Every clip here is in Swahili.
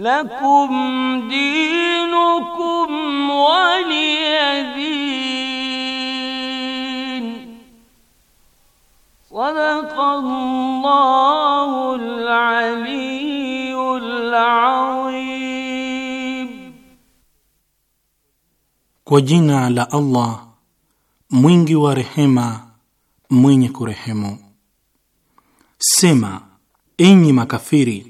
lakum dinukum waliyadin. Sadaqallahul aliyyul azim. Kwa jina la Allah mwingi wa rehema mwenye kurehemu. Sema, enyi makafiri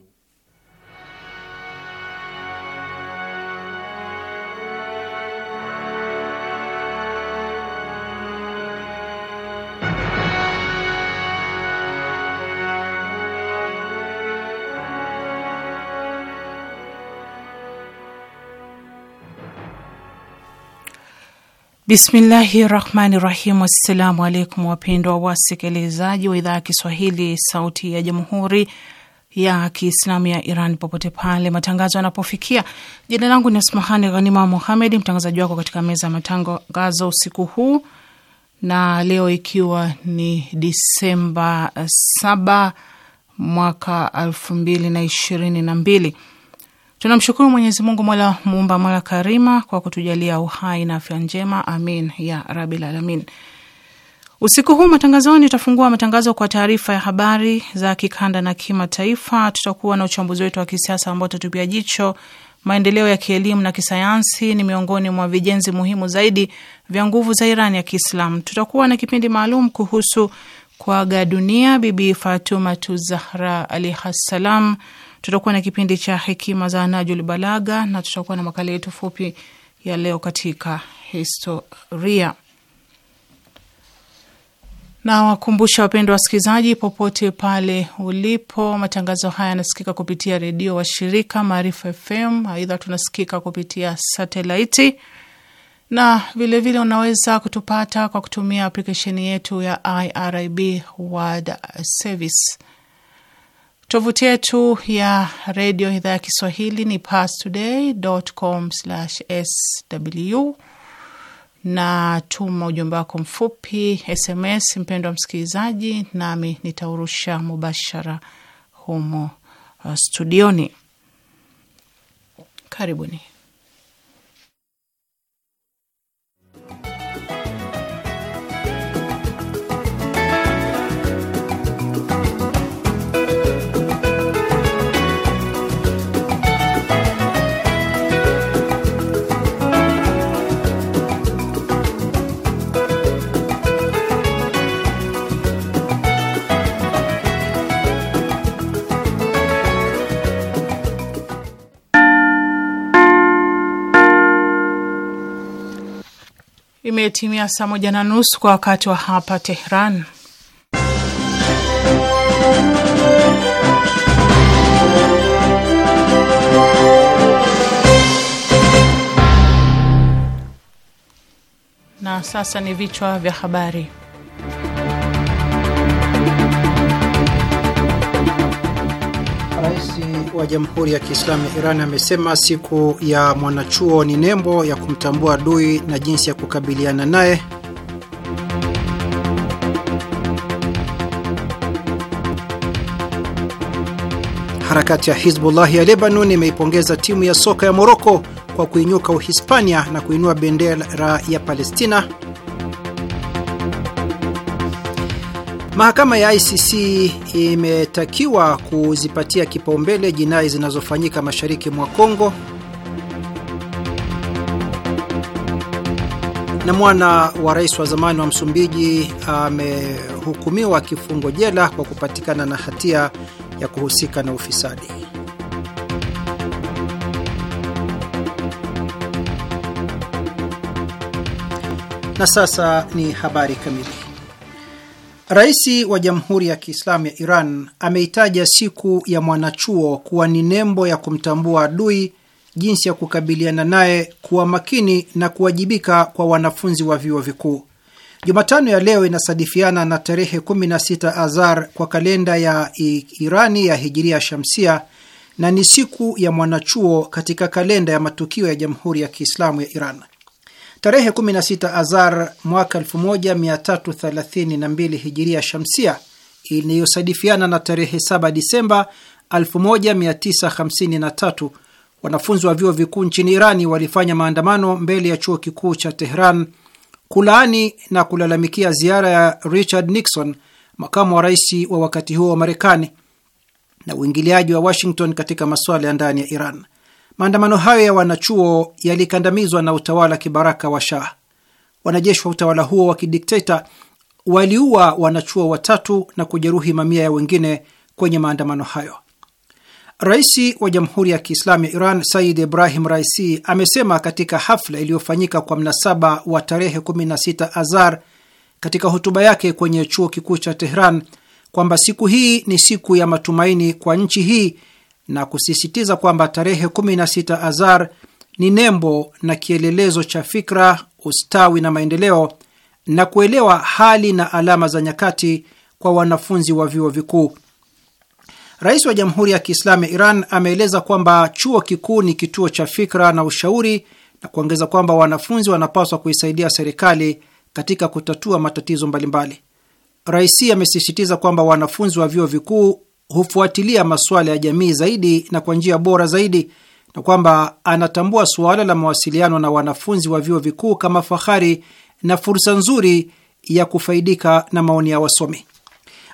Bismillahi rahmani rahim. Assalamu alaikum wapendwa wasikilizaji wa idhaa ya Kiswahili sauti ya jamhuri ya Kiislamu ya Iran popote pale matangazo yanapofikia. Jina langu ni Asmahani Ghanima Muhamedi, mtangazaji wako katika meza ya matangazo usiku huu, na leo ikiwa ni Disemba saba mwaka elfu mbili na ishirini na mbili Tunamshukuru Mwenyezi Mungu mola muumba mola karima kwa kutujalia uhai na afya njema, amin ya rabil alamin. Usiku huu matangazoni tutafungua matangazo kwa taarifa ya habari za kikanda na kimataifa. Tutakuwa na uchambuzi wetu wa kisiasa ambao tutatupia jicho maendeleo ya kielimu na kisayansi ni miongoni mwa vijenzi muhimu zaidi vya nguvu za Iran ya Kiislamu. Tutakuwa na kipindi maalum kuhusu kuaga dunia Bibi Fatumatu Zahra alaihassalam tutakuwa na kipindi cha hekima za Najul balaga na tutakuwa na makala yetu fupi ya leo katika historia. Na wakumbusha wapendwa wasikilizaji, popote pale ulipo, matangazo haya yanasikika kupitia redio washirika Maarifa FM. Aidha, tunasikika kupitia satelaiti na vilevile vile unaweza kutupata kwa kutumia aplikesheni yetu ya IRIB World Service. Tovuti yetu ya redio idhaa ya Kiswahili ni pastoday.com/sw, na tuma ujumbe wako mfupi SMS, mpendwa msikilizaji, nami nitaurusha mubashara humo uh, studioni. Karibuni. imetimia saa moja na nusu kwa wakati wa hapa Tehran. Na sasa ni vichwa vya habari. wa Jamhuri ya Kiislamu ya Iran amesema siku ya mwanachuo ni nembo ya kumtambua adui na jinsi ya kukabiliana naye. Harakati ya Hizbullahi ya Lebanon imeipongeza timu ya soka ya Moroko kwa kuinyuka Uhispania na kuinua bendera ya Palestina. Mahakama ya ICC imetakiwa kuzipatia kipaumbele jinai zinazofanyika mashariki mwa Kongo. Na mwana wa rais wa zamani wa Msumbiji amehukumiwa kifungo jela kwa kupatikana na hatia ya kuhusika na ufisadi. Na sasa ni habari kamili. Rais wa Jamhuri ya Kiislamu ya Iran ameitaja siku ya mwanachuo kuwa ni nembo ya kumtambua adui, jinsi ya kukabiliana naye, kuwa makini na kuwajibika kwa wanafunzi wa vyuo vikuu. Jumatano ya leo inasadifiana na tarehe 16 Azar kwa kalenda ya Irani ya Hijiria Shamsia na ni siku ya mwanachuo katika kalenda ya matukio ya Jamhuri ya Kiislamu ya Iran. Tarehe 16 Azar mwaka 1332 hijiria shamsia iliyosadifiana na tarehe 7 Disemba 1953 wanafunzi wa vyuo vikuu nchini Irani walifanya maandamano mbele ya chuo kikuu cha Tehran kulaani na kulalamikia ziara ya Richard Nixon, makamu wa rais wa wakati huo wa Marekani, na uingiliaji wa Washington katika masuala ya ndani ya Iran. Maandamano hayo ya wanachuo yalikandamizwa na utawala kibaraka wa Shah. Wanajeshi wa utawala huo wa kidikteta waliua wanachuo watatu na kujeruhi mamia ya wengine kwenye maandamano hayo. Rais wa Jamhuri ya Kiislamu ya Iran Said Ibrahim Raisi amesema katika hafla iliyofanyika kwa mnasaba wa tarehe 16 Azar katika hotuba yake kwenye chuo kikuu cha Tehran kwamba siku hii ni siku ya matumaini kwa nchi hii na kusisitiza kwamba tarehe 16 Azar ni nembo na kielelezo cha fikra, ustawi na maendeleo, na kuelewa hali na alama za nyakati kwa wanafunzi wa vyuo vikuu. Rais wa Jamhuri ya Kiislamu ya Iran ameeleza kwamba chuo kikuu ni kituo cha fikra na ushauri, na kuongeza kwamba wanafunzi wanapaswa kuisaidia serikali katika kutatua matatizo mbalimbali. Raisi amesisitiza kwamba wanafunzi wa vyuo vikuu hufuatilia masuala ya jamii zaidi na kwa njia bora zaidi, na kwamba anatambua suala la mawasiliano na wanafunzi wa vyuo vikuu kama fahari na fursa nzuri ya kufaidika na maoni ya wasomi.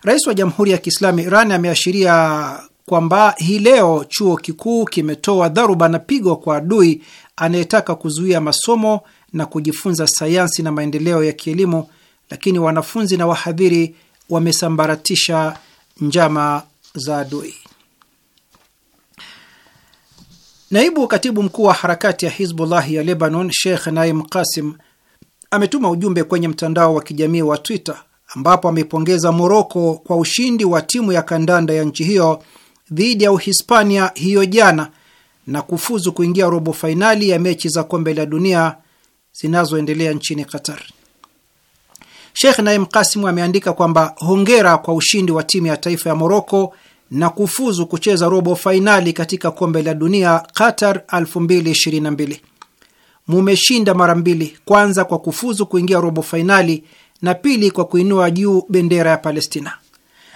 Rais wa Jamhuri ya Kiislamu Iran ameashiria kwamba hii leo chuo kikuu kimetoa dharuba na pigo kwa adui anayetaka kuzuia masomo na kujifunza sayansi na maendeleo ya kielimu, lakini wanafunzi na wahadhiri wamesambaratisha njama za adui. Naibu katibu mkuu wa harakati ya Hizbullahi ya Lebanon, Sheikh Naim Qasim ametuma ujumbe kwenye mtandao wa kijamii wa Twitter ambapo amepongeza Moroko kwa ushindi wa timu ya kandanda ya nchi hiyo dhidi ya Uhispania hiyo jana na kufuzu kuingia robo fainali ya mechi za kombe la dunia zinazoendelea nchini Qatar. Sheikh Naim Kasimu ameandika kwamba hongera kwa ushindi wa timu ya taifa ya Moroko na kufuzu kucheza robo fainali katika kombe la dunia Qatar 2022. Mumeshinda mara mbili, kwanza kwa kufuzu kuingia robo fainali na pili kwa kuinua juu bendera ya Palestina.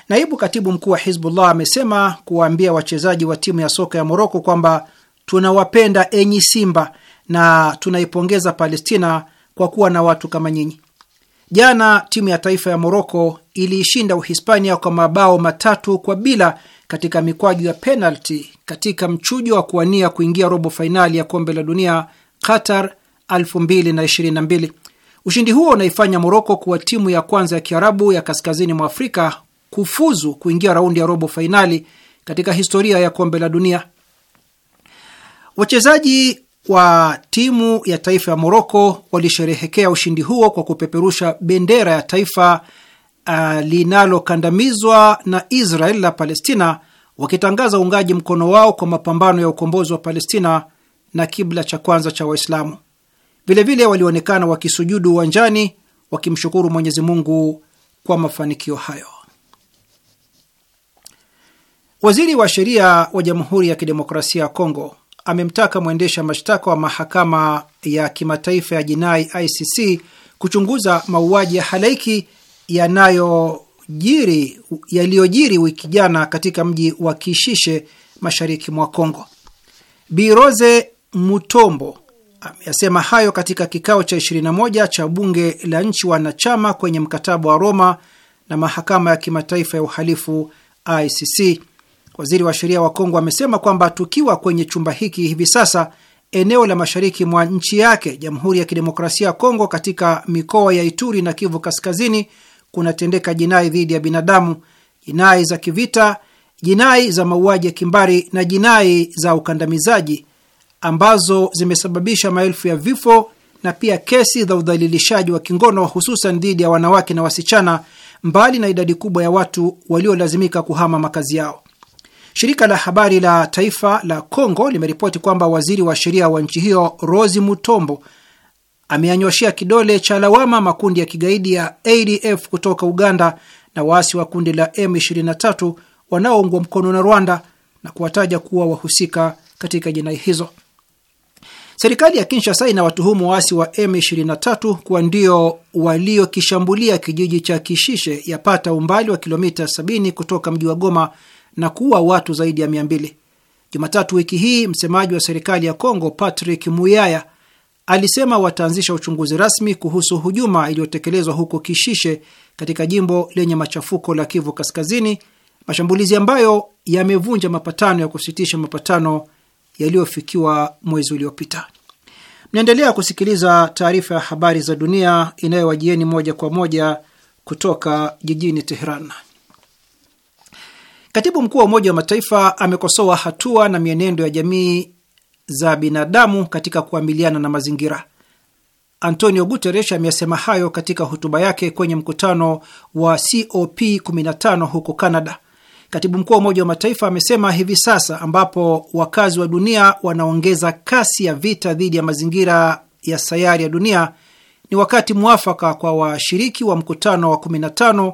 Naibu katibu mkuu wa Hizbullah amesema kuwaambia wachezaji wa timu ya soka ya Moroko kwamba tunawapenda enyi Simba na tunaipongeza Palestina kwa kuwa na watu kama nyinyi. Jana timu ya taifa ya Moroko iliishinda Uhispania kwa mabao matatu kwa bila katika mikwaju ya penalti katika mchujo wa kuwania kuingia robo fainali ya kombe la dunia Qatar 2022. Ushindi huo unaifanya Moroko kuwa timu ya kwanza ya kiarabu ya kaskazini mwa Afrika kufuzu kuingia raundi ya robo fainali katika historia ya kombe la dunia. Wachezaji wa timu ya taifa ya Moroko walisherehekea ushindi huo kwa kupeperusha bendera ya taifa uh, linalokandamizwa na Israel la Palestina, wakitangaza uungaji mkono wao kwa mapambano ya ukombozi wa Palestina na kibla cha kwanza cha Waislamu. Vilevile walionekana wakisujudu uwanjani wakimshukuru Mwenyezi Mungu kwa mafanikio hayo. Waziri wa sheria wa Jamhuri ya Kidemokrasia ya Kongo amemtaka mwendesha mashtaka wa mahakama ya kimataifa ya jinai ICC kuchunguza mauaji ya halaiki yanayojiri yaliyojiri wiki jana katika mji wa Kishishe mashariki mwa Kongo. Biroze Mutombo ameyasema hayo katika kikao cha 21 cha bunge la nchi wanachama kwenye mkataba wa Roma na mahakama ya kimataifa ya uhalifu ICC. Waziri wa sheria wa Kongo amesema kwamba tukiwa kwenye chumba hiki hivi sasa, eneo la mashariki mwa nchi yake Jamhuri ya Kidemokrasia ya Kongo, katika mikoa ya Ituri na Kivu Kaskazini kunatendeka jinai dhidi ya binadamu, jinai za kivita, jinai za mauaji ya kimbari na jinai za ukandamizaji ambazo zimesababisha maelfu ya vifo na pia kesi za udhalilishaji wa kingono hususan dhidi ya wanawake na wasichana, mbali na idadi kubwa ya watu waliolazimika kuhama makazi yao. Shirika la habari la taifa la congo limeripoti kwamba waziri wa sheria wa nchi hiyo rosi Mutombo ameanyoshea kidole cha lawama makundi ya kigaidi ya ADF kutoka Uganda na waasi wa kundi la M23 wanaoungwa mkono na Rwanda na kuwataja kuwa wahusika katika jinai hizo. Serikali ya Kinshasa inawatuhumu waasi wa M23 kuwa ndio waliokishambulia kijiji cha Kishishe yapata umbali wa kilomita 70 kutoka mji wa Goma na kuua watu zaidi ya mia mbili. Jumatatu wiki hii msemaji wa serikali ya Kongo Patrick Muyaya alisema wataanzisha uchunguzi rasmi kuhusu hujuma iliyotekelezwa huko Kishishe katika jimbo lenye machafuko la Kivu Kaskazini, mashambulizi ambayo yamevunja mapatano ya kusitisha mapatano yaliyofikiwa mwezi uliopita. Mnaendelea kusikiliza taarifa ya habari za dunia inayowajieni moja kwa moja kutoka jijini Teheran. Katibu mkuu wa Umoja wa Mataifa amekosoa hatua na mienendo ya jamii za binadamu katika kuamiliana na mazingira. Antonio Guterres ameyasema hayo katika hotuba yake kwenye mkutano wa COP15 huko Canada. Katibu mkuu wa Umoja wa Mataifa amesema hivi sasa, ambapo wakazi wa dunia wanaongeza kasi ya vita dhidi ya mazingira ya sayari ya dunia, ni wakati mwafaka kwa washiriki wa mkutano wa 15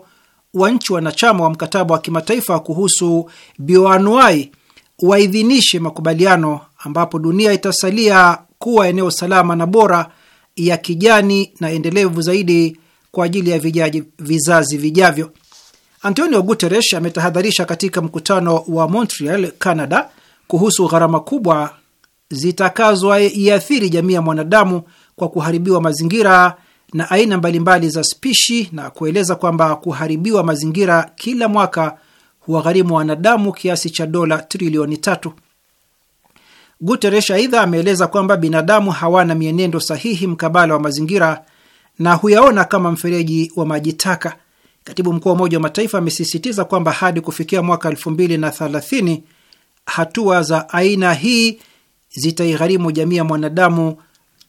wa nchi wanachama wa mkataba wa kimataifa kuhusu bioanuai waidhinishe makubaliano ambapo dunia itasalia kuwa eneo salama na bora ya kijani na endelevu zaidi kwa ajili ya vijaji, vizazi vijavyo. Antonio Guterres ametahadharisha katika mkutano wa Montreal, Canada kuhusu gharama kubwa zitakazoiathiri jamii ya mwanadamu kwa kuharibiwa mazingira na aina mbalimbali za spishi na kueleza kwamba kuharibiwa mazingira kila mwaka huwagharimu wanadamu kiasi cha dola trilioni tatu. Guteresh aidha ameeleza kwamba binadamu hawana mienendo sahihi mkabala wa mazingira na huyaona kama mfereji wa maji taka. Katibu mkuu wa Umoja wa Mataifa amesisitiza kwamba hadi kufikia mwaka thalathini hatua za aina hii zitaigharimu jamii ya mwanadamu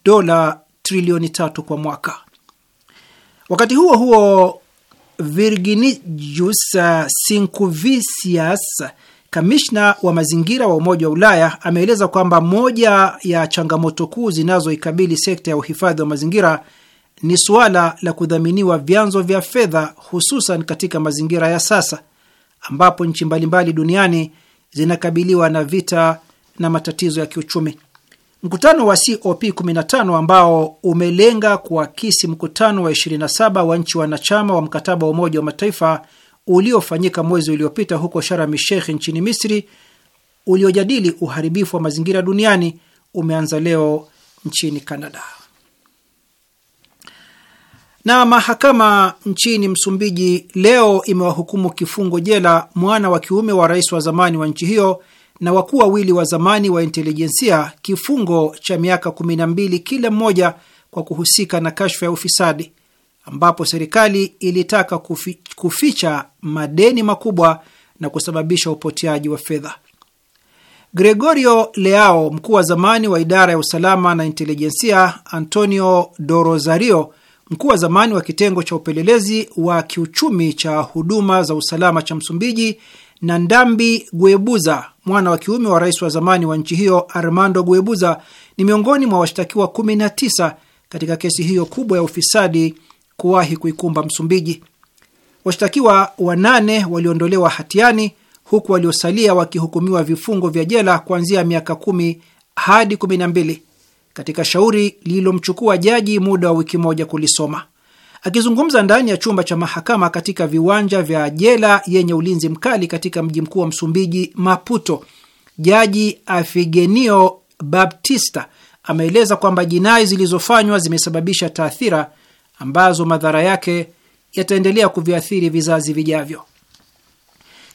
dola trilioni tatu kwa mwaka. Wakati huo huo, Virginijus Sinkuvicius, kamishna wa mazingira wa Umoja wa Ulaya, ameeleza kwamba moja ya changamoto kuu zinazoikabili sekta ya uhifadhi wa mazingira ni suala la kudhaminiwa vyanzo vya fedha, hususan katika mazingira ya sasa ambapo nchi mbalimbali duniani zinakabiliwa na vita na matatizo ya kiuchumi. Mkutano wa COP 15 ambao umelenga kuakisi mkutano wa 27 wa nchi wanachama wa mkataba wa Umoja wa Mataifa uliofanyika mwezi uliopita huko Sharm el Sheikh nchini Misri, uliojadili uharibifu wa mazingira duniani umeanza leo nchini Kanada. Na mahakama nchini Msumbiji leo imewahukumu kifungo jela mwana wa kiume wa rais wa zamani wa nchi hiyo na wakuu wawili wa zamani wa intelijensia kifungo cha miaka 12 kila mmoja kwa kuhusika na kashfa ya ufisadi, ambapo serikali ilitaka kufi, kuficha madeni makubwa na kusababisha upoteaji wa fedha. Gregorio Leao, mkuu wa zamani wa idara ya usalama na intelijensia, Antonio Dorozario, mkuu wa zamani wa kitengo cha upelelezi wa kiuchumi cha huduma za usalama cha Msumbiji, na Ndambi Guebuza, mwana wa kiume wa rais wa zamani wa nchi hiyo Armando Guebuza, ni miongoni mwa washtakiwa 19 katika kesi hiyo kubwa ya ufisadi kuwahi kuikumba Msumbiji. Washtakiwa wanane waliondolewa hatiani huku waliosalia wakihukumiwa vifungo vya jela kuanzia miaka kumi hadi kumi na mbili katika shauri lililomchukua jaji muda wa wiki moja kulisoma. Akizungumza ndani ya chumba cha mahakama katika viwanja vya jela yenye ulinzi mkali katika mji mkuu wa Msumbiji, Maputo, Jaji Afigenio Baptista ameeleza kwamba jinai zilizofanywa zimesababisha taathira ambazo madhara yake yataendelea kuviathiri vizazi vijavyo.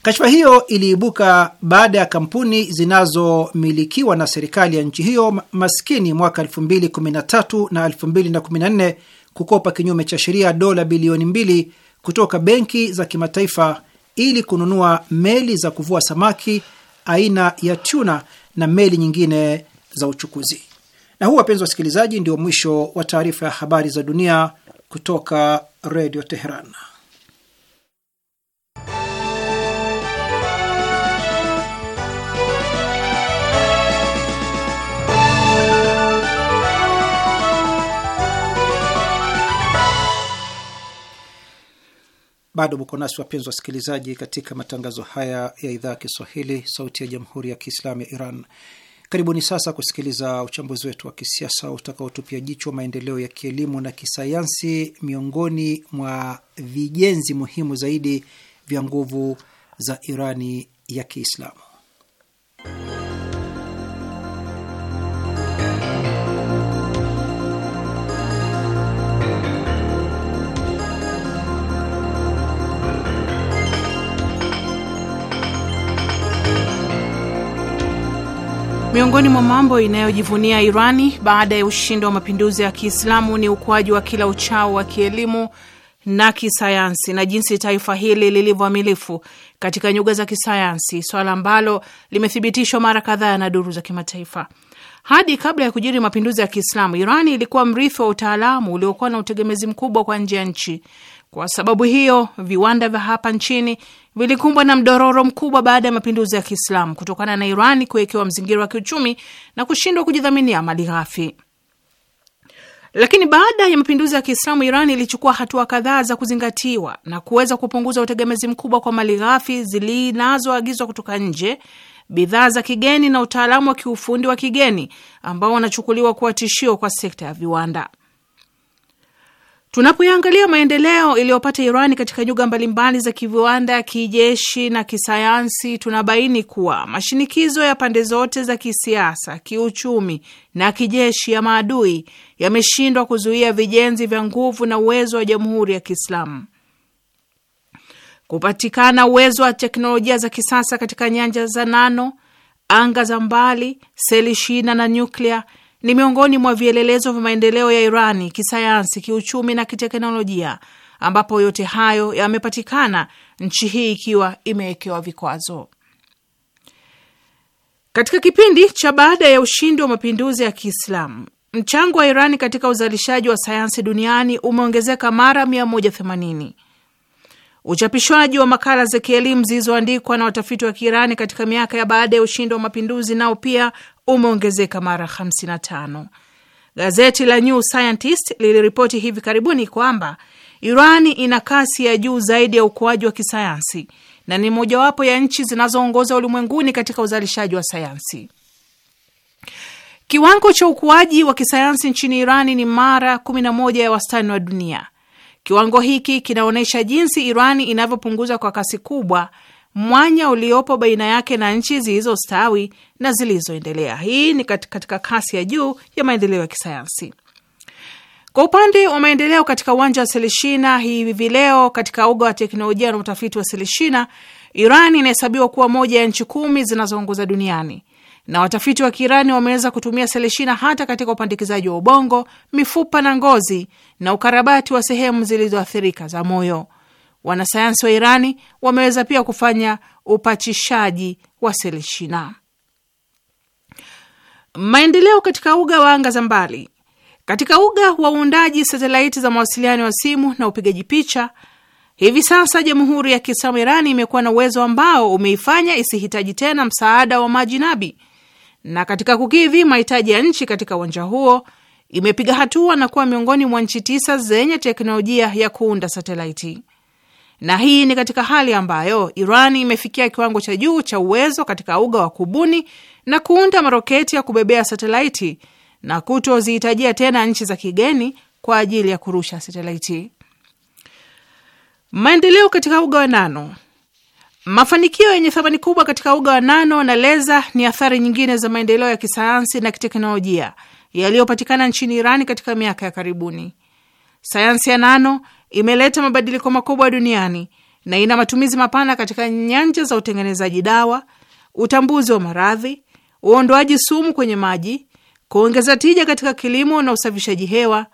Kashfa hiyo iliibuka baada ya kampuni zinazomilikiwa na serikali ya nchi hiyo maskini mwaka 2013 na 2014 kukopa kinyume cha sheria dola bilioni mbili kutoka benki za kimataifa ili kununua meli za kuvua samaki aina ya tuna na meli nyingine za uchukuzi. Na huu, wapenzi wasikilizaji, ndio mwisho wa taarifa ya habari za dunia kutoka Redio Teheran. Bado mko nasi wapenzi wasikilizaji, katika matangazo haya ya idhaa ya Kiswahili, sauti ya jamhuri ya kiislamu ya Iran. Karibuni sasa kusikiliza uchambuzi wetu wa kisiasa utakaotupia jicho maendeleo ya kielimu na kisayansi miongoni mwa vijenzi muhimu zaidi vya nguvu za Irani ya Kiislamu. Miongoni mwa mambo inayojivunia Irani baada ya ushindi wa mapinduzi ya Kiislamu ni ukuaji wa kila uchao wa kielimu na kisayansi na jinsi taifa hili lilivyoamilifu katika nyuga za kisayansi, swala ambalo limethibitishwa mara kadhaa na duru za kimataifa. Hadi kabla ya kujiri mapinduzi ya Kiislamu, Irani ilikuwa mrithi wa utaalamu uliokuwa na utegemezi mkubwa kwa nje ya nchi. Kwa sababu hiyo, viwanda vya hapa nchini vilikumbwa na mdororo mkubwa baada ya mapinduzi ya Kiislamu kutokana na Iran kuwekewa mzingiro wa kiuchumi na kushindwa kujidhaminia mali ghafi. Lakini baada ya mapinduzi ya Kiislamu, Iran ilichukua hatua kadhaa za kuzingatiwa na kuweza kupunguza utegemezi mkubwa kwa mali ghafi zilinazoagizwa kutoka nje, bidhaa za kigeni na utaalamu wa kiufundi wa kigeni ambao wanachukuliwa kuwa tishio kwa sekta ya viwanda. Tunapoiangalia maendeleo iliyopata Irani katika nyuga mbalimbali za kiviwanda, kijeshi na kisayansi, tunabaini kuwa mashinikizo ya pande zote za kisiasa, kiuchumi na kijeshi ya maadui yameshindwa kuzuia vijenzi vya nguvu na uwezo wa Jamhuri ya Kiislamu. Kupatikana uwezo wa teknolojia za kisasa katika nyanja za nano, anga za mbali, seli shina na nyuklia ni miongoni mwa vielelezo vya maendeleo ya Irani kisayansi, kiuchumi na kiteknolojia, ambapo yote hayo yamepatikana nchi hii ikiwa imewekewa vikwazo. Katika kipindi cha baada ya ushindi wa mapinduzi ya Kiislamu, mchango wa Irani katika uzalishaji wa sayansi duniani umeongezeka mara 180. Uchapishwaji wa makala za kielimu zilizoandikwa na watafiti wa Kiirani katika miaka ya baada ya ushindi wa mapinduzi nao pia umeongezeka mara 55. Gazeti la New Scientist liliripoti hivi karibuni kwamba Irani ina kasi ya juu zaidi ya ukuaji wa kisayansi na ni mojawapo ya nchi zinazoongoza ulimwenguni katika uzalishaji wa sayansi. Kiwango cha ukuaji wa kisayansi nchini Irani ni mara 11 ya wastani wa dunia. Kiwango hiki kinaonyesha jinsi Irani inavyopunguza kwa kasi kubwa mwanya uliopo baina yake na nchi zilizostawi na zilizoendelea. Hii ni katika kasi ya juu ya maendeleo ya kisayansi. Kwa upande wa maendeleo katika uwanja wa selishina, hivi leo katika uga wa teknolojia na utafiti wa selishina, Iran inahesabiwa kuwa moja ya nchi kumi zinazoongoza duniani, na watafiti wa Kiirani wameweza kutumia selishina hata katika upandikizaji wa ubongo, mifupa na ngozi, na ukarabati wa sehemu zilizoathirika za moyo. Wanasayansi wa Irani wameweza pia kufanya upachishaji wa selishina. Maendeleo katika uga wa anga za mbali. Katika uga wa uundaji satelaiti za mawasiliano wa simu na upigaji picha, hivi sasa Jamhuri ya Kiislamu Irani imekuwa na uwezo ambao umeifanya isihitaji tena msaada wa maji nabi, na katika kukidhi mahitaji ya nchi katika uwanja huo imepiga hatua na kuwa miongoni mwa nchi tisa zenye teknolojia ya kuunda satelaiti na hii ni katika hali ambayo Iran imefikia kiwango cha juu cha uwezo katika uga wa kubuni na kuunda maroketi ya kubebea satelaiti na kutozihitajia tena nchi za kigeni kwa ajili ya kurusha satelaiti. Maendeleo katika uga wa nano. Mafanikio yenye thamani kubwa katika uga wa nano na leza ni athari nyingine za maendeleo ya kisayansi na kiteknolojia yaliyopatikana nchini Iran katika miaka ya karibuni. Sayansi ya nano imeleta mabadiliko makubwa duniani na ina matumizi mapana katika nyanja za utengenezaji dawa, utambuzi wa maradhi, uondoaji sumu kwenye maji, kuongeza tija katika kilimo na usafishaji hewa,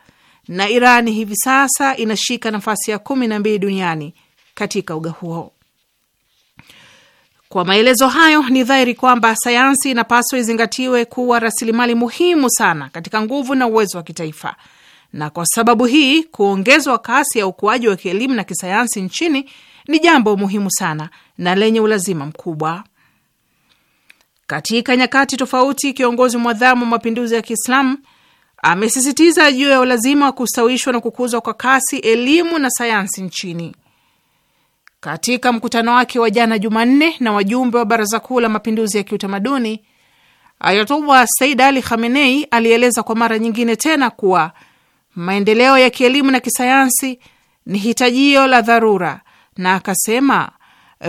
na Iran hivi sasa inashika nafasi ya kumi na mbili duniani katika uga huo. Kwa maelezo hayo, ni dhahiri kwamba sayansi inapaswa izingatiwe kuwa rasilimali muhimu sana katika nguvu na uwezo wa kitaifa na kwa sababu hii kuongezwa kasi ya ukuaji wa kielimu na kisayansi nchini ni jambo muhimu sana na lenye ulazima mkubwa. Katika nyakati tofauti, kiongozi mwadhamu wa mapinduzi ya Kiislamu amesisitiza juu ya ulazima wa kustawishwa na kukuzwa kwa kasi elimu na sayansi nchini. Katika mkutano wake wa jana Jumanne na wajumbe wa Baraza Kuu la Mapinduzi ya Kiutamaduni, Ayatullah Said Ali Khamenei alieleza kwa mara nyingine tena kuwa maendeleo ya kielimu na kisayansi ni hitajio la dharura, na akasema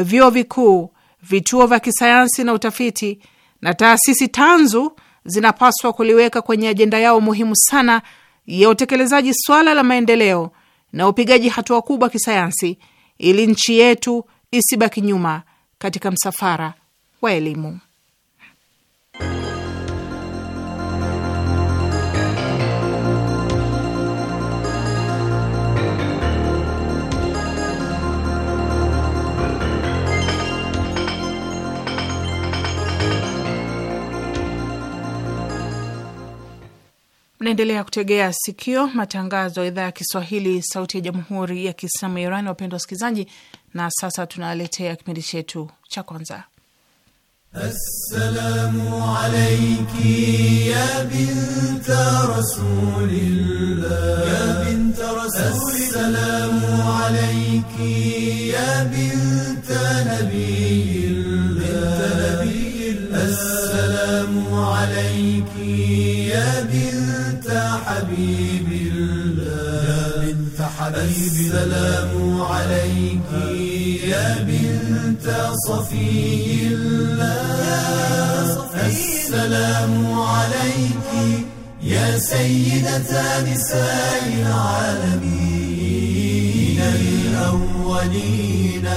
vyuo vikuu, vituo vya kisayansi na utafiti na taasisi tanzu zinapaswa kuliweka kwenye ajenda yao muhimu sana ya utekelezaji swala la maendeleo na upigaji hatua kubwa kisayansi ili nchi yetu isibaki nyuma katika msafara wa elimu. Mnaendelea kutegea sikio matangazo ya idhaa ya Kiswahili, sauti ya jamhuri ya kiislamu ya Iran. Wapendwa wasikilizaji, na sasa tunaletea kipindi chetu cha kwanza. Assalamu alayki ya binta rasulillah, ya binta rasulillah, assalamu alayki ya binta حبيب الله يا بنت حبيب السلام عليك يا بنت صفي الله السلام عليك يا سيدة نساء العالمين الأولين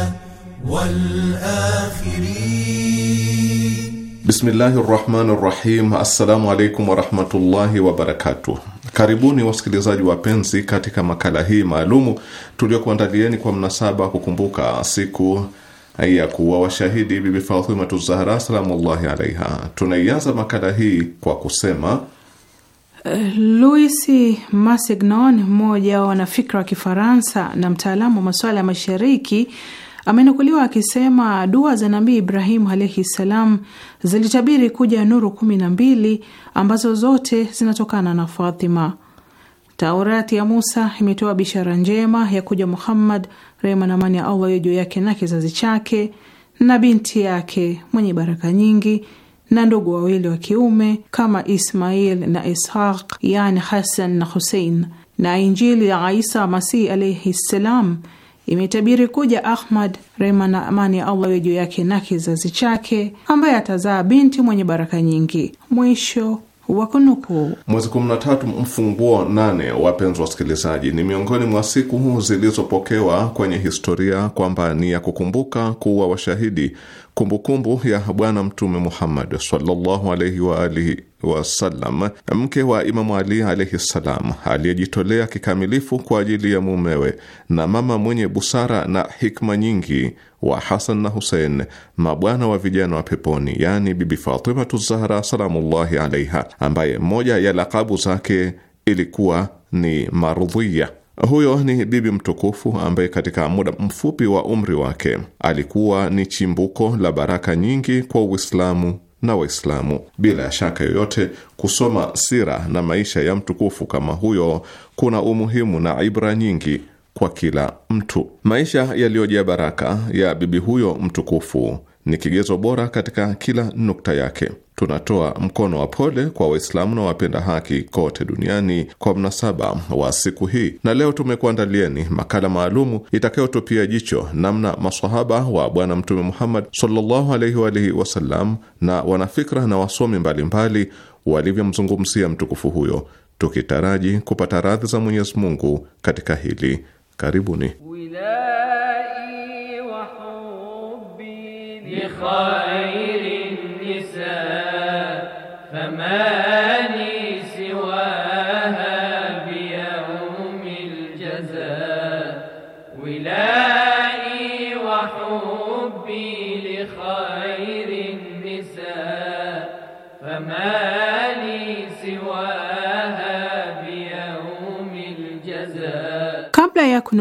والآخرين بسم الله الرحمن الرحيم السلام عليكم ورحمة الله وبركاته Karibuni wasikilizaji wapenzi, katika makala hii maalumu tuliokuandalieni kwa mnasaba kukumbuka siku ya kuwa washahidi Bibi Fatimatu Zahra salamullahi alaiha. Tunaianza makala hii kwa kusema eh, Louis Massignon, mmoja wa wanafikra wa Kifaransa na mtaalamu wa masuala ya mashariki Amenukuliwa akisema dua za Nabii Ibrahimu alaihi ssalam zilitabiri kuja nuru kumi na mbili ambazo zote zinatokana na Fatima. Taurati ya Musa imetoa bishara njema ya kuja Muhammad, rehma na amani ya Allah iwe juu yake na kizazi chake na binti yake mwenye baraka nyingi na ndugu wawili wa kiume kama Ismail na Ishaq, yani Hasan na Husein, na Injili ya Isa Masihi alaihi ssalam imetabiri kuja Ahmad, rehma na amani ya Allah iwe juu yake na kizazi chake, ambaye atazaa binti mwenye baraka nyingi. Mwisho wakunukuu. Mwezi 13 mfunguo 8, wapenzi wasikilizaji, ni miongoni mwa siku zilizopokewa kwenye historia kwamba ni ya kukumbuka kuwa washahidi kumbukumbu ya Bwana Mtume Muhammad sallallahu alaihi wa alihi wasallam, mke wa Imamu Ali alaihi ssalam, aliyejitolea kikamilifu kwa ajili ya mumewe na mama mwenye busara na hikma nyingi wa Hasan na Husein, mabwana wa vijana wa peponi, yani Bibi Fatimatu Zahra salamullahi alaiha, ambaye moja ya lakabu zake ilikuwa ni Marudhiya. Huyo ni bibi mtukufu ambaye katika muda mfupi wa umri wake alikuwa ni chimbuko la baraka nyingi kwa Uislamu na Waislamu. Bila shaka yoyote, kusoma sira na maisha ya mtukufu kama huyo kuna umuhimu na ibra nyingi kwa kila mtu. Maisha yaliyojaa baraka ya bibi huyo mtukufu ni kigezo bora katika kila nukta yake. Tunatoa mkono wa pole kwa Waislamu na wapenda haki kote duniani kwa mnasaba wa siku hii, na leo tumekuandalieni makala maalumu itakayotupia jicho namna masahaba wa Bwana Mtume Muhammad sallallahu alaihi wa alihi wasallam na wanafikra na wasomi mbalimbali walivyomzungumzia mtukufu huyo, tukitaraji kupata radhi za Mwenyezi Mungu katika hili. Karibuni Wilai. بخير النساء فما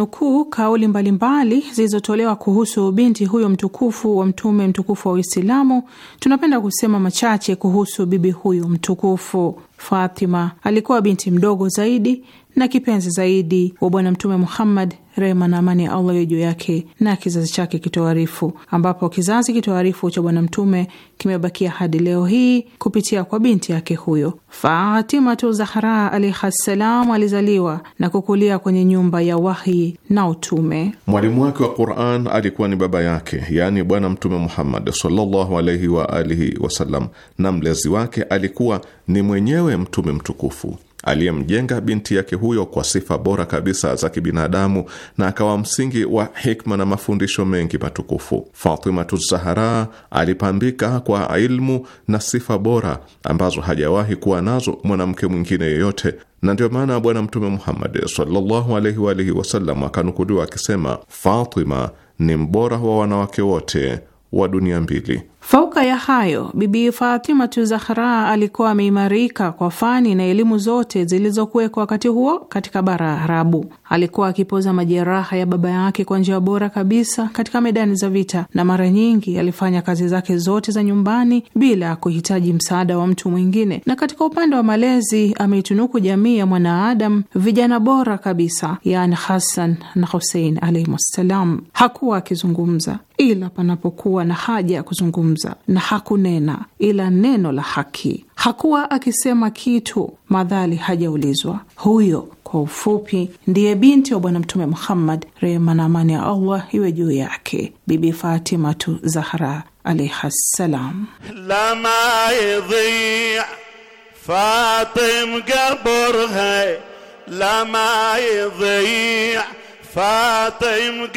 nukuu kauli mbalimbali zilizotolewa kuhusu binti huyo mtukufu wa mtume mtukufu wa Uislamu, tunapenda kusema machache kuhusu bibi huyu mtukufu. Fatima alikuwa binti mdogo zaidi na kipenzi zaidi wa Bwana Mtume Muhammad, rehma na amani ya Allah juu yake na kizazi chake kitoarifu, ambapo kizazi kitoarifu cha Bwana Mtume kimebakia hadi leo hii kupitia kwa binti yake huyo. Fatimatu Zahra alaihi ssalam alizaliwa na kukulia kwenye nyumba ya wahi na utume. Mwalimu wake wa Quran alikuwa ni baba yake, yaani Bwana Mtume Muhammad sallallahu alaihi wa alihi wasallam, na mlezi wake alikuwa ni mwenyewe Mtume mtukufu aliyemjenga binti yake huyo kwa sifa bora kabisa za kibinadamu na akawa msingi wa hikma na mafundisho mengi matukufu. Fatimatu Zahara alipambika kwa ilmu na sifa bora ambazo hajawahi kuwa nazo mwanamke mwingine yeyote, na ndio maana Bwana Mtume Muhammad sallallahu alaihi wa alihi wasallam akanukuliwa akisema, Fatima ni mbora wa wanawake wote wa dunia mbili. Fauka ya hayo, Bibi Fatimatu Zahra alikuwa ameimarika kwa fani na elimu zote zilizokuwekwa wakati huo katika bara Arabu. Alikuwa akipoza majeraha ya baba yake kwa njia bora kabisa katika medani za vita, na mara nyingi alifanya kazi zake zote za nyumbani bila ya kuhitaji msaada wa mtu mwingine. Na katika upande wa malezi, ameitunuku jamii ya mwanaadam vijana bora kabisa, yani Hasan na Husein alaihimwassalam. Hakuwa akizungumza ila panapokuwa na haja ya kuzungumza hakuzungumza na hakunena ila neno la haki. Hakuwa akisema kitu madhali hajaulizwa. Huyo kwa ufupi ndiye binti wa Bwana Mtume Muhammad, rehma na amani ya Allah iwe juu yake, Bibi Fatimatu Zahra alaihi ssalam. Fatim lama Fatim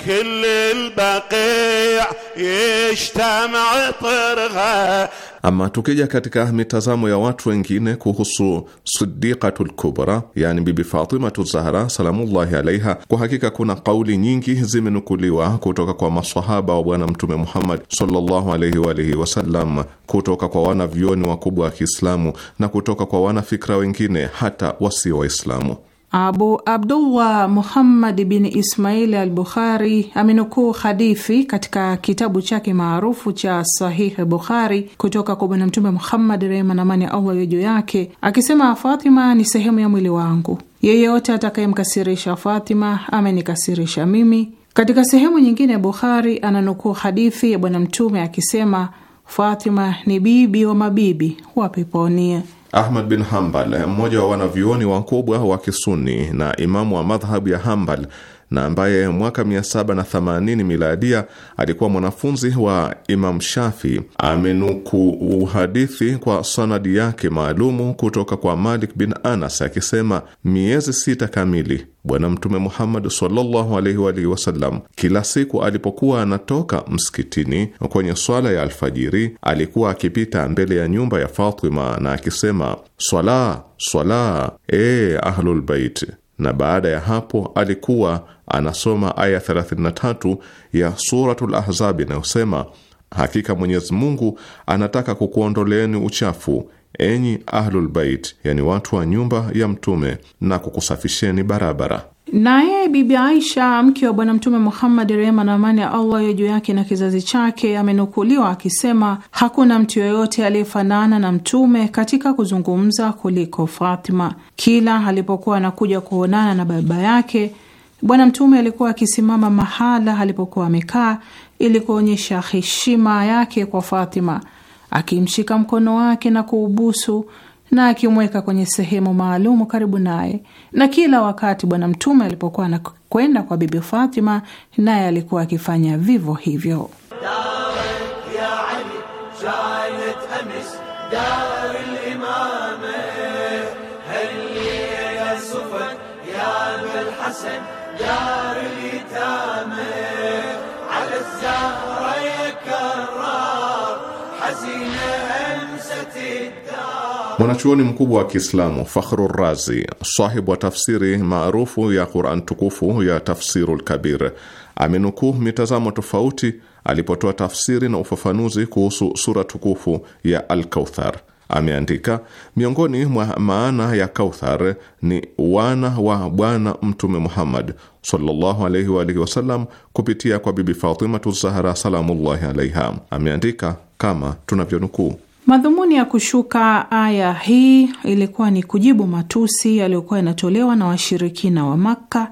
كل البقيع يجتمع طرغه. Ama tukija katika mitazamo ya watu wengine kuhusu Siddiqatul Kubra, yani Bibi Fatimatu Zahra salamullahi alaiha, kwa hakika kuna kauli nyingi zimenukuliwa kutoka kwa masahaba wa Bwana Mtume Muhammad sallallahu alaihi wa alihi wasallam, kutoka kwa wanavyoni wakubwa wa Kiislamu na kutoka kwa wanafikra wengine hata wasio Waislamu. Abu Abdullah Muhammad bin Ismail al Bukhari amenukuu hadithi katika kitabu chake maarufu cha Sahihi Bukhari kutoka kwa Bwana Mtume Muhammad, rehma na amani ya Allah juu yake, akisema, Fatima ni sehemu ya mwili wangu, yeyote atakayemkasirisha Fatima amenikasirisha mimi. Katika sehemu nyingine ya Bukhari ananukuu hadithi ya Bwana Mtume akisema, Fatima ni bibi wa mabibi wa peponi. Ahmad bin hambal mmoja wa wanavyuoni wakubwa wa Kisuni na imamu wa madhhabu ya hambal na ambaye mwaka 780 miladia alikuwa mwanafunzi wa Imam Shafi amenuku uhadithi kwa sanadi yake maalumu kutoka kwa Malik bin Anas akisema, miezi sita kamili Bwana Mtume Muhammad sallallahu alaihi wa alihi wasallam, kila siku alipokuwa anatoka msikitini kwenye swala ya alfajiri, alikuwa akipita mbele ya nyumba ya Fatima na akisema, swala swala, e ahlulbeit na baada ya hapo alikuwa anasoma aya 33 ya Suratul Ahzab inayosema, hakika Mwenyezi Mungu anataka kukuondoleeni uchafu enyi Ahlul Bait, yani watu wa nyumba ya Mtume, na kukusafisheni barabara. Naye Bibi Aisha, mke wa Bwana Mtume Muhammad, rehema na amani ya Allah yo juu yake na kizazi chake, amenukuliwa akisema, hakuna mtu yoyote aliyefanana na Mtume katika kuzungumza kuliko Fatima. Kila alipokuwa anakuja kuonana na baba yake, Bwana Mtume alikuwa akisimama mahala alipokuwa amekaa ili kuonyesha heshima yake kwa Fatima, akimshika mkono wake na kuubusu na akimweka kwenye sehemu maalumu karibu naye, na kila wakati Bwana Mtume alipokuwa anakwenda kwa Bibi Fatima, naye alikuwa akifanya vivyo hivyo. Mwanachuoni mkubwa wa Kiislamu Fakhru Razi, sahibu wa tafsiri maarufu ya Quran tukufu ya Tafsirul Kabir, amenukuu mitazamo tofauti alipotoa tafsiri na ufafanuzi kuhusu sura tukufu ya Al-Kauthar. Ameandika, miongoni mwa maana ya Kauthar ni wana wa Bwana Mtume Muhammad sallallahu alaihi wa alihi wasallam kupitia kwa Bibi Fatimatu Zahra salamullahi alaiha. Ameandika kama tunavyonukuu Madhumuni ya kushuka aya hii ilikuwa ni kujibu matusi yaliyokuwa yanatolewa na washirikina wa Makka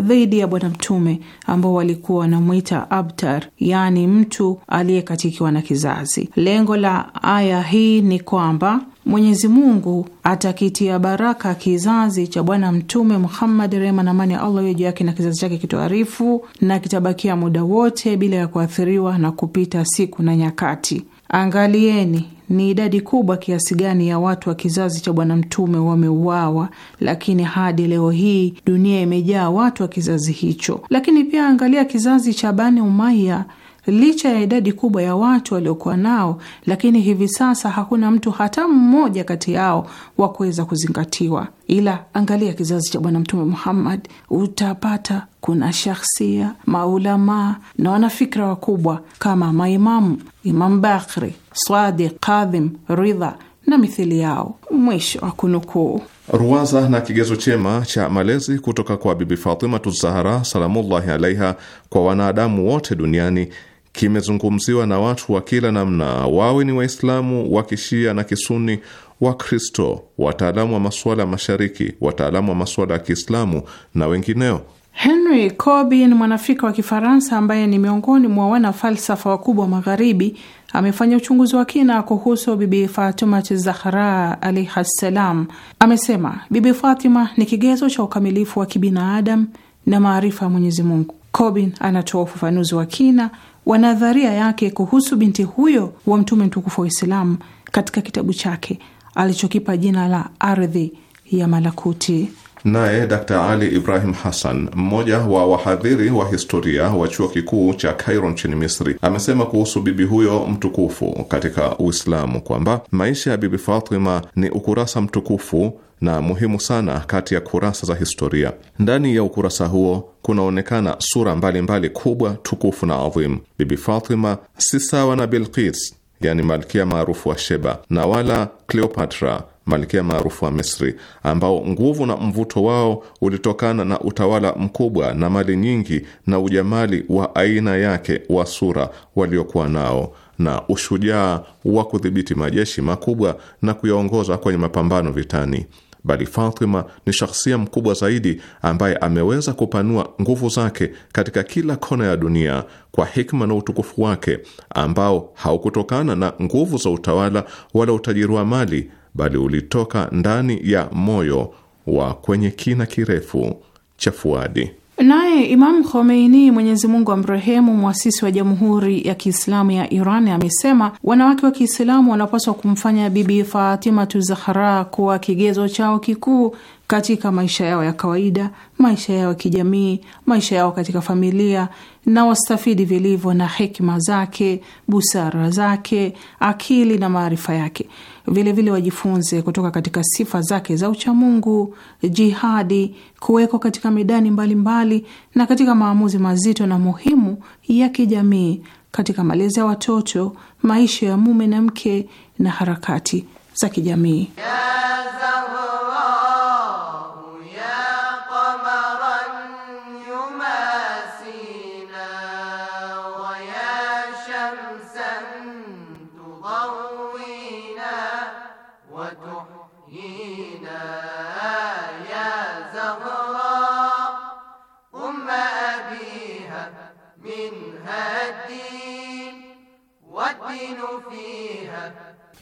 dhidi ya Bwana Mtume ambao walikuwa wanamwita abtar, yaani mtu aliyekatikiwa na kizazi. Lengo la aya hii ni kwamba Mwenyezi Mungu atakitia baraka kizazi cha Bwana Mtume Muhammad, rehma na amani ya Allah iwe juu yake na kizazi chake kitoarifu, na kitabakia muda wote bila ya kuathiriwa na kupita siku na nyakati. Angalieni ni idadi kubwa kiasi gani ya watu wa kizazi cha Bwana Mtume wameuawa, lakini hadi leo hii dunia imejaa watu wa kizazi hicho. Lakini pia angalia kizazi cha Bani Umaya licha ya idadi kubwa ya watu waliokuwa nao, lakini hivi sasa hakuna mtu hata mmoja kati yao wa kuweza kuzingatiwa. Ila angalia kizazi cha Bwana Mtume Muhammad, utapata kuna shakhsia, maulamaa na wanafikra wakubwa kama maimamu Imam Bakri, Sadiq, Kadhim, Ridha na mithili yao. Mwisho wa kunukuu. Ruwaza na kigezo chema cha malezi kutoka kwa Bibi Fatimatu Zahara salamullahi alaiha kwa wanadamu wote duniani kimezungumziwa na watu wa kila namna, wawe ni Waislamu wa Kishia na Kisuni, Wakristo, wataalamu wa masuala ya mashariki, wataalamu wa masuala ya Kiislamu na wengineo. Henry Corbin, ni wa Kifaransa ambaye ni miongoni mwa wanafalsafa wakubwa wa Magharibi, amefanya uchunguzi wa kina kuhusu Bibi Fatima Zahra alaihi ssalam. Amesema Bibi Fatima ni kigezo cha ukamilifu wa kibinadamu na maarifa ya Mwenyezi Mungu. Corbin anatoa ufafanuzi wa kina wa nadharia yake kuhusu binti huyo wa mtume mtukufu wa Uislamu katika kitabu chake alichokipa jina la Ardhi ya Malakuti. Naye Dr Ali Ibrahim Hassan, mmoja wa wahadhiri wa historia wa chuo kikuu cha Cairo nchini Misri, amesema kuhusu bibi huyo mtukufu katika Uislamu kwamba maisha ya Bibi Fatima ni ukurasa mtukufu na muhimu sana kati ya kurasa za historia. Ndani ya ukurasa huo kunaonekana sura mbalimbali mbali kubwa, tukufu na adhimu. Bibi Fatima si sawa na Bilqis, yani malkia maarufu wa Sheba, na wala Cleopatra malkia maarufu wa Misri, ambao nguvu na mvuto wao ulitokana na utawala mkubwa na mali nyingi na ujamali wa aina yake wa sura waliokuwa nao na ushujaa wa kudhibiti majeshi makubwa na kuyaongoza kwenye mapambano vitani bali Fatima ni shahsia mkubwa zaidi ambaye ameweza kupanua nguvu zake katika kila kona ya dunia kwa hikma na utukufu wake ambao haukutokana na nguvu za utawala wala utajiri wa mali, bali ulitoka ndani ya moyo wa kwenye kina kirefu cha Fuadi. Naye Imam Khomeini, Mwenyezi Mungu amrehemu, mwasisi wa Jamhuri ya Kiislamu ya Iran, amesema wanawake wa Kiislamu wanapaswa kumfanya Bibi Fatimatu Zahra kuwa kigezo chao kikuu katika maisha yao ya kawaida, maisha yao ya kijamii, maisha yao katika familia, na wastafidi vilivyo na hekima zake, busara zake, akili na maarifa yake. Vilevile vile wajifunze kutoka katika sifa zake za uchamungu, jihadi, kuwekwa katika midani mbalimbali mbali, na katika maamuzi mazito na muhimu ya kijamii, katika malezi ya watoto, maisha ya mume na mke, na harakati za kijamii.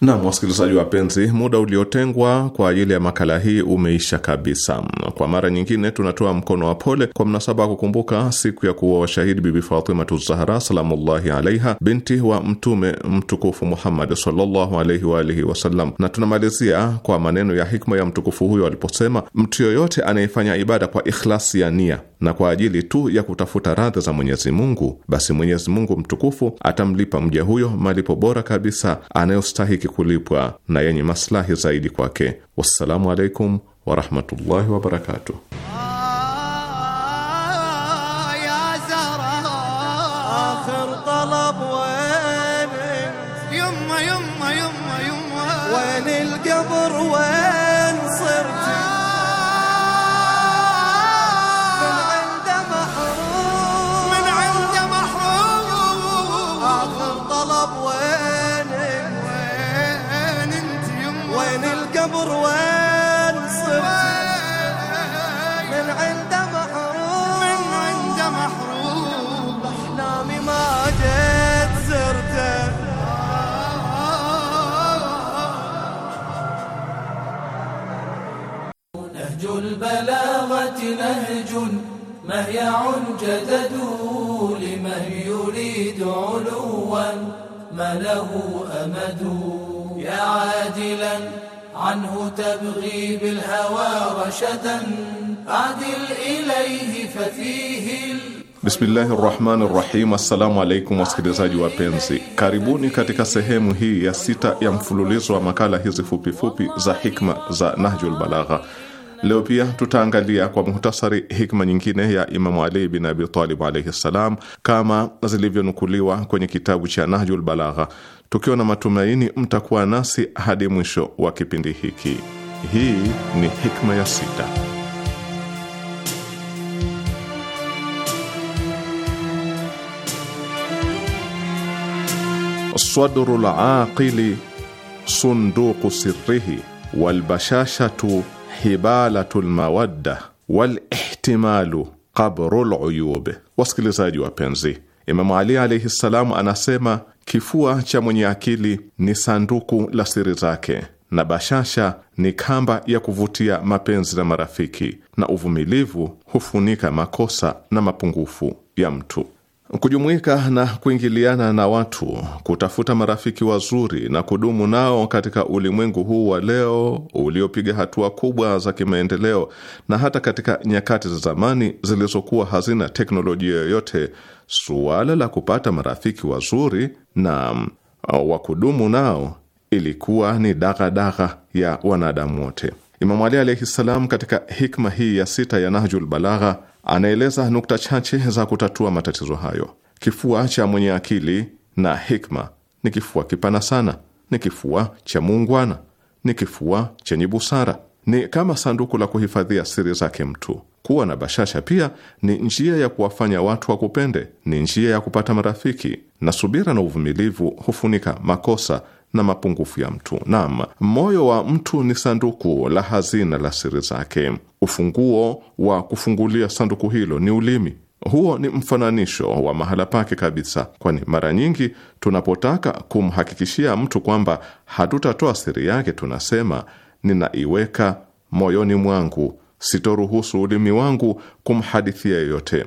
Nam, wasikilizaji wapenzi, muda uliotengwa kwa ajili ya makala hii umeisha kabisa. Kwa mara nyingine, tunatoa mkono wa pole kwa mnasaba wa kukumbuka siku ya kuwa washahidi Bibi Fatimatu Zahra salamullahi alaiha, binti wa Mtume mtukufu Muhammad sallallahu alaihi wa alihi wasallam, na tunamalizia kwa maneno ya hikma ya mtukufu huyo aliposema, mtu yoyote anayefanya ibada kwa ikhlasi ya nia na kwa ajili tu ya kutafuta radhi za Mwenyezi Mungu, basi Mwenyezi Mungu mtukufu atamlipa mja huyo malipo bora kabisa anayostahiki inayostahiki kulipwa na yenye maslahi zaidi kwake. Wassalamu alaikum warahmatullahi wabarakatuh. الصبر وين صرت من عند محروم من عند محروم احلامي ما جيت زرته نهج البلاغة نهج مهيع جدد لمن يريد علوا ما له أمد يا عادلا عنه تبغي بالهوى رشدا عدل إليه ففيه Bismillahi rahmani rahim. Assalamu alaikum wasikilizaji wapenzi, karibuni katika sehemu hii ya sita ya mfululizo wa makala hizi fupifupi za hikma za Nahjul Balagha. Leo pia tutaangalia kwa muhtasari hikma nyingine ya Imamu Ali bin Abi Talib alaihi ssalam, kama zilivyonukuliwa kwenye kitabu cha Nahjul Balagha tukiwa na matumaini mtakuwa nasi hadi mwisho wa kipindi hiki. Hii ni hikma ya sita Sadru laqili sunduqu sirrihi walbashashatu hibalatu lmawadda walihtimalu qabru luyub. Wasikilizaji wapenzi, Imamu Ali alaihi ssalamu anasema Kifua cha mwenye akili ni sanduku la siri zake, na bashasha ni kamba ya kuvutia mapenzi na marafiki, na uvumilivu hufunika makosa na mapungufu ya mtu. Kujumuika na kuingiliana na watu, kutafuta marafiki wazuri na kudumu nao katika ulimwengu huu wa leo uliopiga hatua kubwa za kimaendeleo, na hata katika nyakati za zamani zilizokuwa hazina teknolojia yoyote, suala la kupata marafiki wazuri na uh, wa kudumu nao ilikuwa ni daghadagha ya wanadamu wote. Imamu Ali alaihi ssalam, katika hikma hii ya sita ya Nahjul Balagha anaeleza nukta chache za kutatua matatizo hayo. Kifua cha mwenye akili na hikma ni kifua kipana sana, ni kifua cha muungwana, ni kifua chenye busara, ni kama sanduku la kuhifadhia siri zake mtu. Kuwa na bashasha pia ni njia ya kuwafanya watu wakupende, ni njia ya kupata marafiki, na subira na uvumilivu hufunika makosa na mapungufu ya mtu. Naam, moyo wa mtu ni sanduku la hazina la siri zake. Ufunguo wa kufungulia sanduku hilo ni ulimi. Huo ni mfananisho wa mahala pake kabisa, kwani mara nyingi tunapotaka kumhakikishia mtu kwamba hatutatoa siri yake tunasema ninaiweka moyoni mwangu, sitoruhusu ulimi wangu kumhadithia yoyote.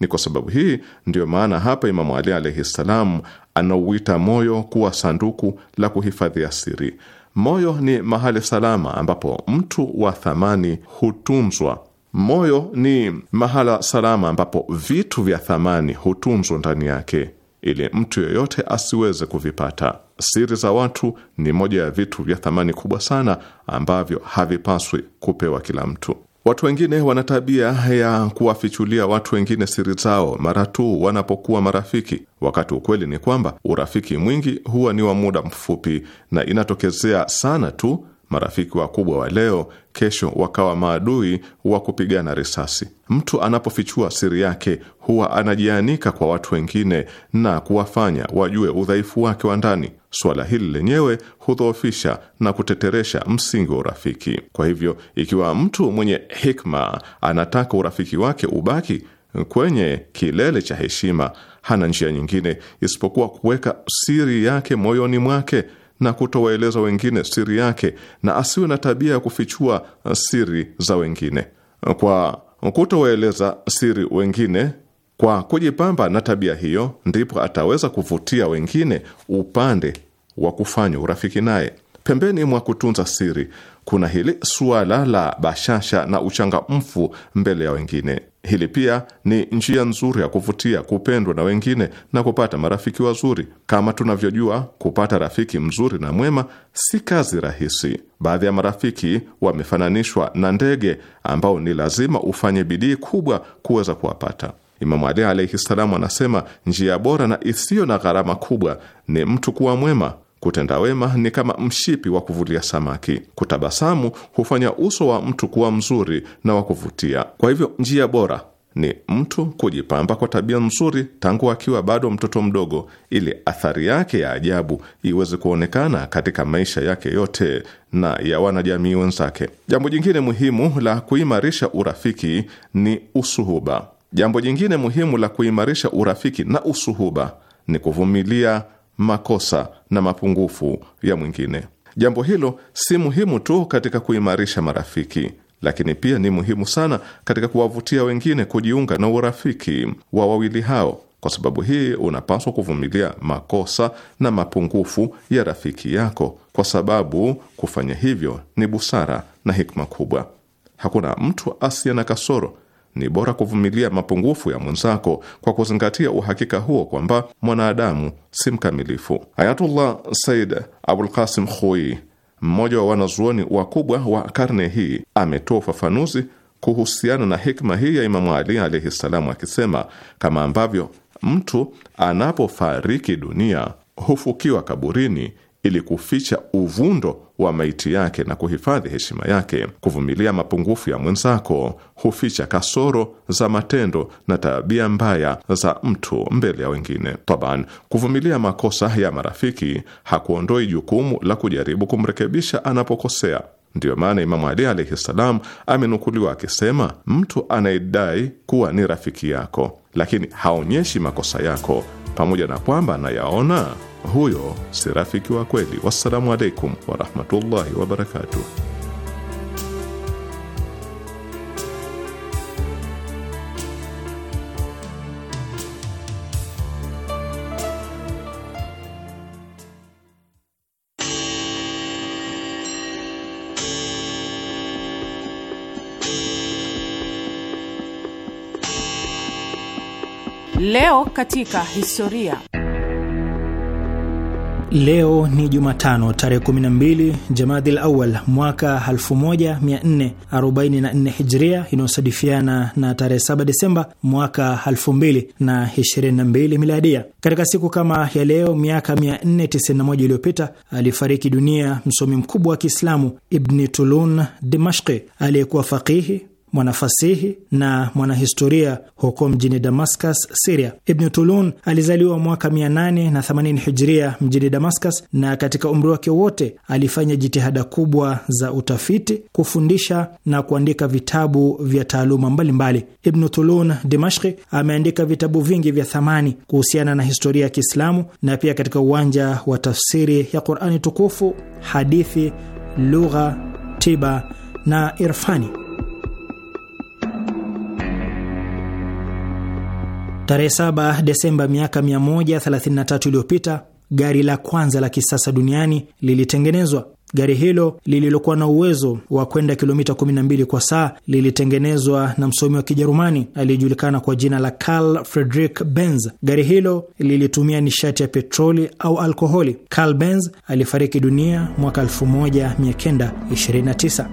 Ni kwa sababu hii ndiyo maana hapa Imamu Ali alaihi ssalam anauita moyo kuwa sanduku la kuhifadhia siri. Moyo ni mahali salama ambapo mtu wa thamani hutunzwa. Moyo ni mahala salama ambapo vitu vya thamani hutunzwa ndani yake ili mtu yeyote asiweze kuvipata. Siri za watu ni moja ya vitu vya thamani kubwa sana ambavyo havipaswi kupewa kila mtu. Watu wengine wana tabia ya kuwafichulia watu wengine siri zao mara tu wanapokuwa marafiki, wakati ukweli ni kwamba urafiki mwingi huwa ni wa muda mfupi na inatokezea sana tu Marafiki wakubwa wa leo kesho wakawa maadui wa kupigana risasi. Mtu anapofichua siri yake huwa anajianika kwa watu wengine na kuwafanya wajue udhaifu wake wa ndani. Suala hili lenyewe hudhoofisha na kuteteresha msingi wa urafiki. Kwa hivyo, ikiwa mtu mwenye hikma anataka urafiki wake ubaki kwenye kilele cha heshima, hana njia nyingine isipokuwa kuweka siri yake moyoni mwake na kutowaeleza wengine siri yake na asiwe na tabia ya kufichua uh, siri za wengine. Kwa kutowaeleza siri wengine, kwa kujipamba na tabia hiyo, ndipo ataweza kuvutia wengine upande wa kufanya urafiki naye. Pembeni mwa kutunza siri kuna hili suala la bashasha na uchangamfu mbele ya wengine. Hili pia ni njia nzuri ya kuvutia kupendwa na wengine na kupata marafiki wazuri. Kama tunavyojua, kupata rafiki mzuri na mwema si kazi rahisi. Baadhi ya marafiki wamefananishwa na ndege ambao ni lazima ufanye bidii kubwa kuweza kuwapata. Imamu Ali alaihi salamu anasema njia bora na isiyo na gharama kubwa ni mtu kuwa mwema Kutenda wema ni kama mshipi wa kuvulia samaki. Kutabasamu hufanya uso wa mtu kuwa mzuri na wa kuvutia. Kwa hivyo, njia bora ni mtu kujipamba kwa tabia nzuri tangu akiwa bado mtoto mdogo, ili athari yake ya ajabu iweze kuonekana katika maisha yake yote na ya wanajamii wenzake. Jambo jingine muhimu la kuimarisha urafiki ni usuhuba. Jambo jingine muhimu la kuimarisha urafiki na usuhuba ni kuvumilia makosa na mapungufu ya mwingine. Jambo hilo si muhimu tu katika kuimarisha marafiki, lakini pia ni muhimu sana katika kuwavutia wengine kujiunga na urafiki wa wawili hao. Kwa sababu hii, unapaswa kuvumilia makosa na mapungufu ya rafiki yako, kwa sababu kufanya hivyo ni busara na hikma kubwa. Hakuna mtu asiye na kasoro ni bora kuvumilia mapungufu ya mwenzako kwa kuzingatia uhakika huo kwamba mwanadamu si mkamilifu. Ayatullah Said Abul Qasim Khoi, mmoja wa wanazuoni wakubwa wa karne hii, ametoa ufafanuzi kuhusiana na hikma hii ya Imamu Ali alaihi ssalamu, akisema kama ambavyo mtu anapofariki dunia hufukiwa kaburini ili kuficha uvundo wa maiti yake na kuhifadhi heshima yake. Kuvumilia mapungufu ya mwenzako huficha kasoro za matendo na tabia mbaya za mtu mbele ya wengine. Taban, kuvumilia makosa ya marafiki hakuondoi jukumu la kujaribu kumrekebisha anapokosea. Ndiyo maana Imamu Ali alaihi ssalam amenukuliwa akisema, mtu anayedai kuwa ni rafiki yako lakini haonyeshi makosa yako pamoja na kwamba anayaona huyo si rafiki wa kweli. Wassalamu alaikum warahmatullahi wabarakatuh. Leo katika historia Leo ni Jumatano tarehe 12 Jamadil Awal mwaka 1444 Hijria, inayosadifiana na tarehe 7 Desemba mwaka 2022 Miladia. Katika siku kama ya leo miaka 491 iliyopita alifariki dunia msomi mkubwa wa Kiislamu Ibni Tulun Dimashqi aliyekuwa faqihi mwanafasihi na mwanahistoria huko mjini Damascus, Siria. Ibn Tulun alizaliwa mwaka 880 hijria mjini Damascus, na katika umri wake wote alifanya jitihada kubwa za utafiti, kufundisha na kuandika vitabu vya taaluma mbalimbali. Ibn Tulun Dimashki ameandika vitabu vingi vya thamani kuhusiana na historia ya Kiislamu na pia katika uwanja wa tafsiri ya Qurani tukufu, hadithi, lugha, tiba na irfani. Tarehe 7 Desemba miaka 133 iliyopita gari la kwanza la kisasa duniani lilitengenezwa. Gari hilo lililokuwa na uwezo wa kwenda kilomita 12 kwa saa lilitengenezwa na msomi wa Kijerumani aliyejulikana kwa jina la Carl Friedrich Benz. Gari hilo lilitumia nishati ya petroli au alkoholi. Carl Benz alifariki dunia mwaka 1929.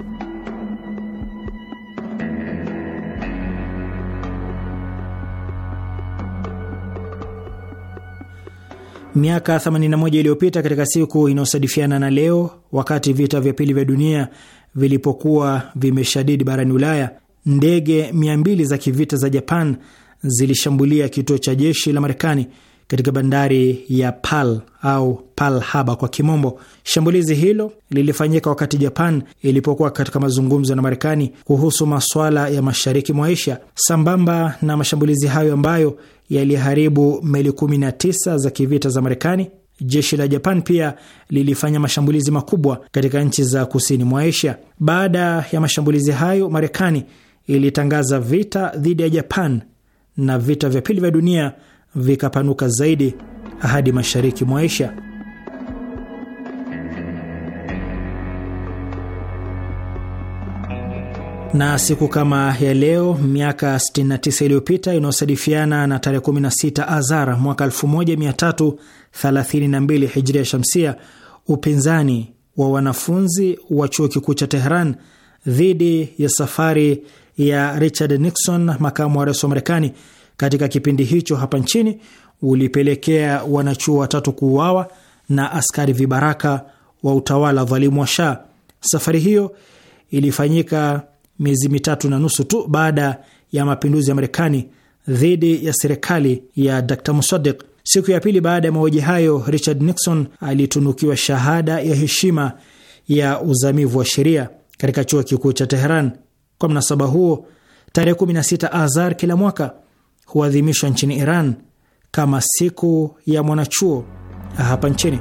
Miaka 81 iliyopita katika siku inayosadifiana na leo, wakati vita vya pili vya dunia vilipokuwa vimeshadidi barani Ulaya, ndege 200 za kivita za Japan zilishambulia kituo cha jeshi la Marekani katika bandari ya pal au pal haba kwa kimombo. Shambulizi hilo lilifanyika wakati Japan ilipokuwa katika mazungumzo na Marekani kuhusu maswala ya mashariki mwa Asia. Sambamba na mashambulizi hayo ambayo yaliharibu meli 19 za kivita za Marekani, jeshi la Japan pia lilifanya mashambulizi makubwa katika nchi za kusini mwa Asia. Baada ya mashambulizi hayo, Marekani ilitangaza vita dhidi ya Japan na vita vya pili vya dunia vikapanuka zaidi hadi mashariki mwa Asia. Na siku kama ya leo miaka 69 iliyopita inayosadifiana na tarehe 16 Azar mwaka 1332 Hijria Shamsia, upinzani wa wanafunzi wa chuo kikuu cha Tehran dhidi ya safari ya Richard Nixon, makamu wa rais wa Marekani katika kipindi hicho hapa nchini ulipelekea wanachuo watatu kuuawa na askari vibaraka wa utawala dhalimu wa Shah. Safari hiyo ilifanyika miezi mitatu na nusu tu baada ya mapinduzi ya Marekani dhidi ya serikali ya Dr. Musaddiq. Siku ya pili baada ya mauaji hayo, Richard Nixon alitunukiwa shahada ya heshima ya uzamivu wa sheria katika chuo kikuu cha Teheran. Kwa mnasaba huo, tarehe 16 Azar kila mwaka huadhimishwa nchini Iran kama siku ya mwanachuo hapa nchini.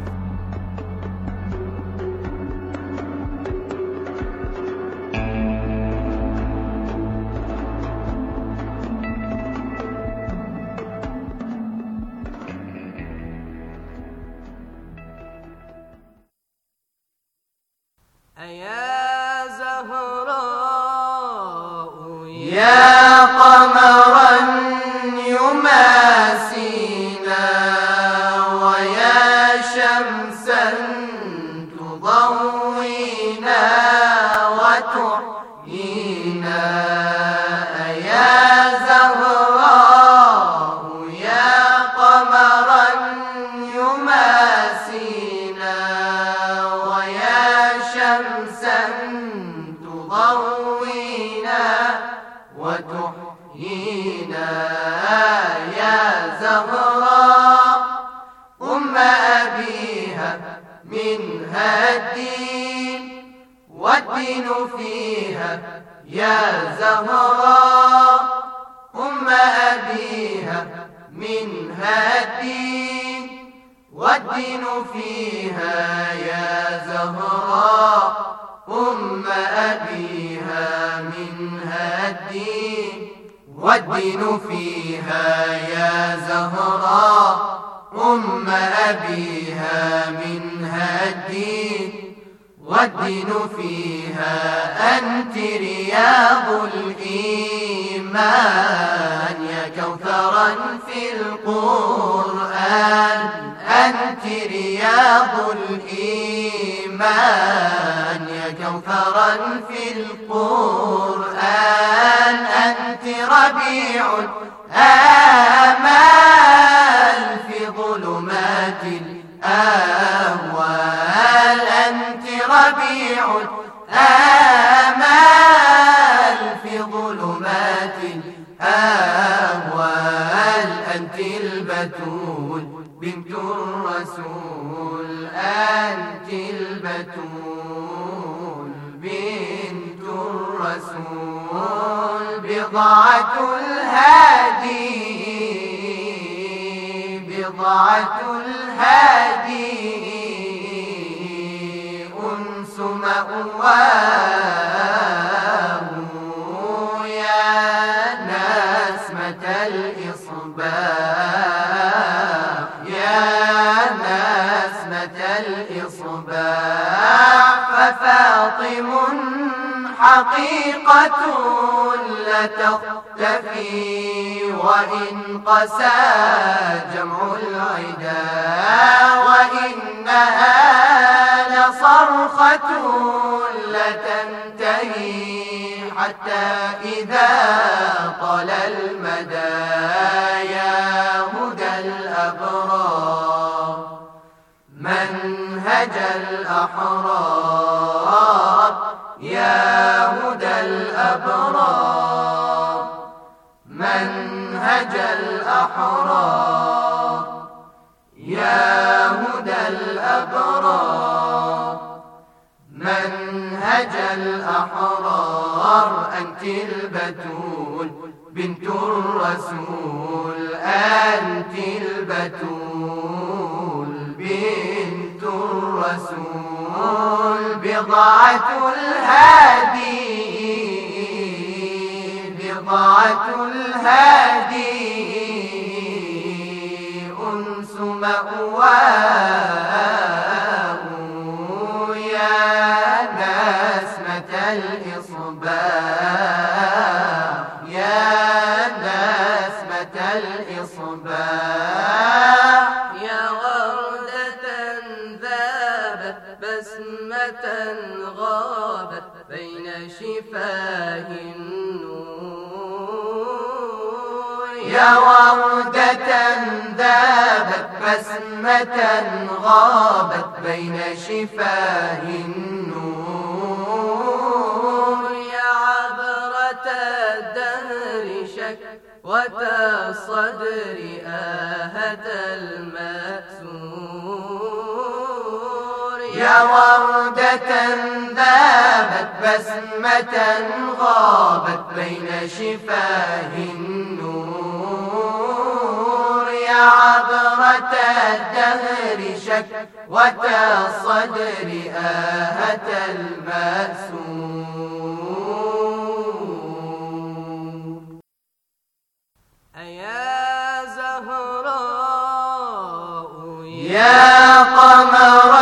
الإيمان يا جوهرا في القرآن أنت ربيع الآمان الهادي بضعة الهادي أنس مأواه يا نسمة الإصباح يا نسمة الإصباح ففاطم حقيقة تختفي وإن قسى جمع العدا وإنها لصرخة لتنتهي حتى إذا طل الأبرار منهج الأحرار أنت البتول بنت الرسول أنت البتول بنت الرسول بضعة الهادي بضعة الهادي أنس مأواه سوادة ذابت بسمة غابت بين شفاه النور يا عبرة الدهر وتى صدر آهة المأسور يا وردة ذابت بسمة غابت بين شفاه النور عبرة الدهر شكوة الصدر آهة المأسور أيا زهراء يا قمر